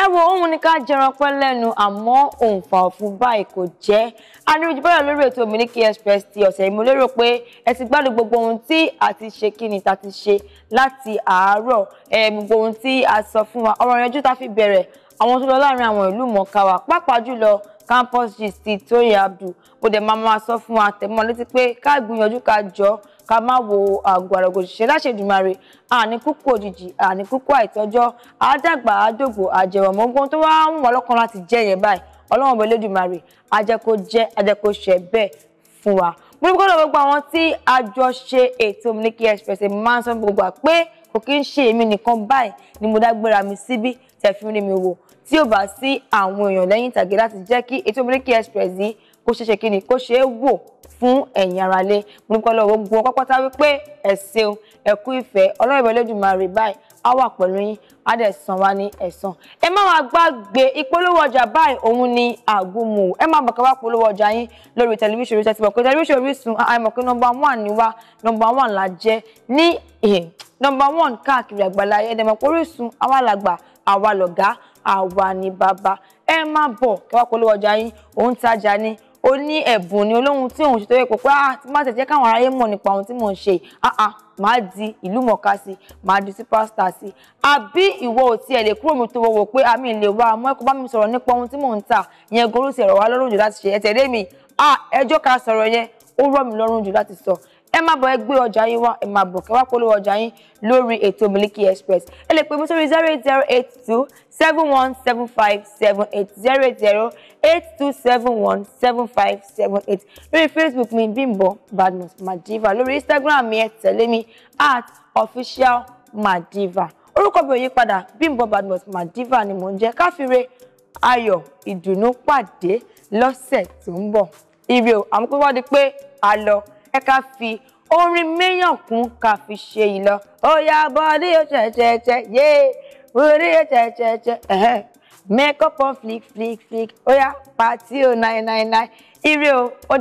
ẹ wo òun ni ká jẹran pẹ́ lẹ́nu àmọ́ òǹfà ọ̀fun báyìí kò jẹ́ anirujú bọ́yọ̀ lórí ètò Miliki Express ti ọ̀sẹ̀ yìí mo lérò pé ẹ ti gbádùn gbogbo ohun tí a ti ṣe kí ni ta ti ṣe láti àárọ̀ ẹ gbogbo ohun tí a sọ fún wa ọ̀rọ̀ yanjú ta fi bẹ̀rẹ̀ àwọn tó lọ láàrin àwọn ìlú mọ̀ọ́ká wa pàápàá jùlọ campus gist ti Tóyìn Abdul mo dẹ̀ máa máa sọ fún wa tẹ̀mọ́ létí pé ká gbìyànjú ká jọ ká má wo àgọ́ àrògò ṣiṣẹ́ láṣẹ̀dùmarè àní kúkú òjijì àní kúkú àìtọ́jọ́ àádàgbà àádògbò àjẹwọ̀mọ́gbọ́n tó wá ń wọ́n lọ́kàn láti jẹ́ yẹn báyìí ọlọ́run ọba Elédùmarè ajẹ́kó jẹ́ ajẹ́kó ṣẹ bẹ́ẹ̀ fún wa. mo ní gbọ́dọ̀ gbogbo àwọn tí a jọ ṣe ètò Miliki Express máa ń sọ gbogbo àpé kò kí ń ṣe èmi nìkan báyìí ni mo dágbéra mi síbí tẹ̀ fi rí mi wò tí ò bá sí àwọn èèyàn lẹ́yìn ìtàgé láti jẹ́ kí ètò Miliki Express yìí kó ṣeé ṣe kí ni kó ṣeé wò fún ẹ̀yin aráalé mo ní pẹ́lú gbogbo wọn pátá wípé ẹ ṣeun ẹ kú ìfẹ́ ọlọ́run Olódùmarè báyìí á wà pẹ̀lú yín á dẹ̀ san wá ní ẹ̀san. ẹ má wàá gbàgbé ìpolówó ọjà báyìí òun ni àgùnmù ẹ má bàkà wá polówó ọjà yín lórí tẹlifíṣàn Orísun tẹsí pọ̀pẹ́ tẹlifíṣàn Orísun àìmọ̀ pé nọmba one ni wá nọmba one là jẹ́ ní eh, nọmba one káàkiri àgbàlá ẹ̀dẹ̀mọ̀ pé Orísun àwa làgbà àwa lọ̀gá àwa ni bàbá ẹ má bọ̀ kẹwàá polówó ọjà yín òun tajà ni ó ní ẹ̀bùn ni olóhun tí òun ṣe tó yẹ kó pé ah tí má tẹ̀ jẹ́ káwọn aráyé mọ̀ nípa ohun tí mò ń ṣe ah ah máa di ìlú mọ̀ká sí máa di superstar sí àbí ìwọ ò tiẹ̀ lè kúrò mi tó wọ́wọ́ pé àmì ah, ìlè wa àmọ́ ẹ̀kọ́ bá mi sọ̀rọ̀ nípa ohun tí mò ń tà yẹn gorú sí ẹ̀rọ wa lọ́rùn jù láti ṣe ẹ̀tẹ̀lé mi ah ẹjọ́ ká sọ̀rọ̀ yẹn ó rọ̀ mí lọ́rùn jù láti sọ ẹ má bọ̀ ẹ gbé ọjà yín wá ẹ má bọ̀ kẹ́ wá polówó ọjà yín lórí ètò Miliki Express ẹ lè pè mí sórí zero eight zero eight two seven one seven five seven eight zero eight zero eight two seven one seven five seven eight lórí Facebook mi Bimbo Badmus Madiva lórí Instagram mi ẹ tẹ̀lé mi at official Madiva orúkọ mi ò yí padà Bimbo Badmus Madiva ni mò ń jẹ́ káfíńre ayọ̀ ìdùnnú pàdé lọ́sẹ̀ tó ń bọ̀ ire o àmọ́ di pé a lọ ẹ ká fi orin méyàn kún ká fi ṣe ìlọ ó yá bọ́ọ̀lì yóò ṣẹ̀ṣẹ̀ṣẹ̀ yé orí yóò ṣẹ̀ṣẹ̀ṣẹ̀ make up on flick flick flick ó yá pàtí o oh, nine nine nine ire o. Oh,